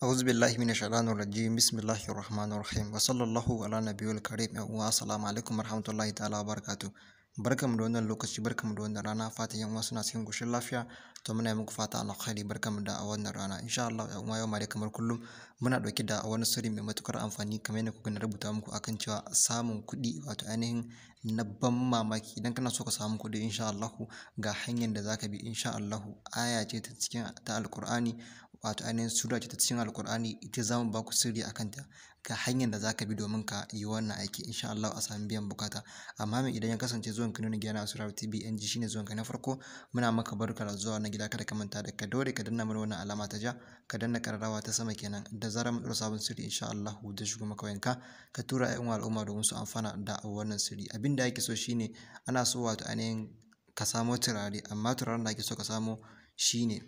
A'udhu mina minash shaitanir rajim. Bismillahir rahmanir rahim. Wa sallallahu ala nabiyil karim. Ya uwa assalamu alaikum warahmatullahi ta'ala barakatuh. Barkamu da wannan lokaci, barkamu da wannan rana. Fatan yan uwa suna cikin goshin lafiya. To muna muku fata barka barkamu da wannan rana. Insha Allah ya uwa yau ma kamar kullum muna dauke da wani sirri mai matukar amfani kamar yadda kuka rubuta muku akan cewa samun kuɗi wato ainihin na ban mamaki idan kana so ka samu kuɗi insha Allah ga hanyar da zaka bi insha Allah aya ce ta cikin ta alkur'ani wato ainihin sura ce ta cikin alkur'ani ita zamu mu ba ku sirri a ta ga hanyar da za ka bi domin ka yi wannan aiki insha Allah a sami biyan bukata amma mai idan ya kasance zuwan ka nuna gyara a sura TV shine zuwan ka na farko muna maka barka da zuwa na gida kada ka manta da ka dore ka danna mana wannan alama ta ja ka danna kararrawa ta sama kenan da zarar mun sabon sirri insha Allah da shigo maka wayanka ka tura ƴan al'umma domin su amfana da wannan sirri abin da ake so shine ana so wato ainihin ka samo turare amma turaren da ake so ka samo shine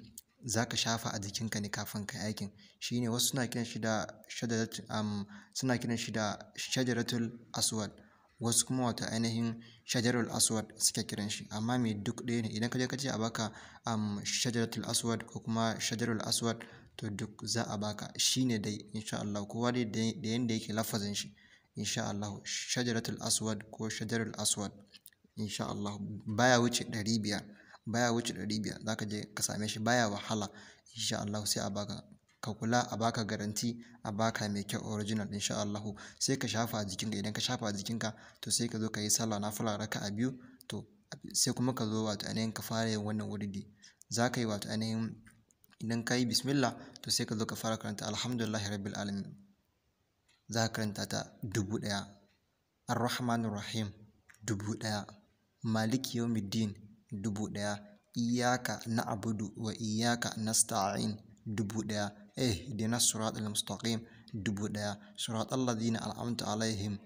za ka shafa a jikinka ne kafin ka yi aikin shi ne wasu suna kiran shi da suna kiran shajaratul aswad wasu kuma wato ainihin shajarul aswad suke kiran shi amma mai duk ɗaya ne idan ka je ka ce a baka shajaratul aswad ko kuma shajarul aswad to duk za a baka shi ne dai insha Allah kowa dai da yanda yake lafazin shi insha Allah shajaratul aswad ko shajarul aswad insha Allah baya wuce ɗari biyar baya wuce ɗari biyar za ka je ka same shi baya wahala insha Allahu sai a baka ka kula a baka garanti a baka mai kyau original insha Allahu sai ka shafa a jikinka idan ka shafa a jikinka to sai ka zo ka yi sallah na raka a biyu to sai kuma ka zo wato ainihin ka fara yin wannan wuridi za ka yi wato ainihin idan ka yi bismillah to sai ka zo ka fara karanta alhamdulillahi rabbil alamin za ka karanta ta dubu ɗaya ar rahim dubu ɗaya maliki yawmiddin dubu ɗaya na abudu wa iyaka na sta'in dubu ɗaya eh, surat al mustaqim dubu ɗaya Allah ladina al'amta alaihim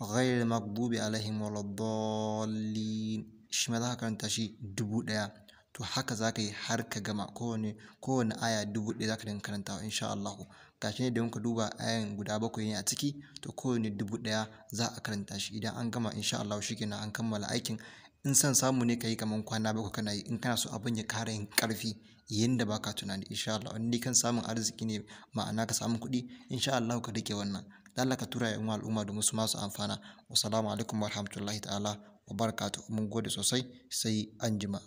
ghairil maghdubi alaihim waladdallin shi ma za karanta shi dubu ɗaya to haka za ka yi har ka gama kowane aya dubu ɗaya za ka dinga karantawa insha Allah shi ne da muka duba ayan guda bakwai ne a ciki to kowane dubu ɗaya za a karanta shi idan an gama insha Allah na an kammala aikin in San samu ne ka yi kamar kwana bakwai kana yi in kana so abin ya kara yin ƙarfi yin ba ka tunani insha Allah wani kan samun arziki ne ma'ana ka samu kuɗi insha Allah ka rike wannan dan ka tura yan al'umma domin su masu amfana assalamu alaikum warahmatullahi ta'ala wa barakatuh mun gode sosai sai anjima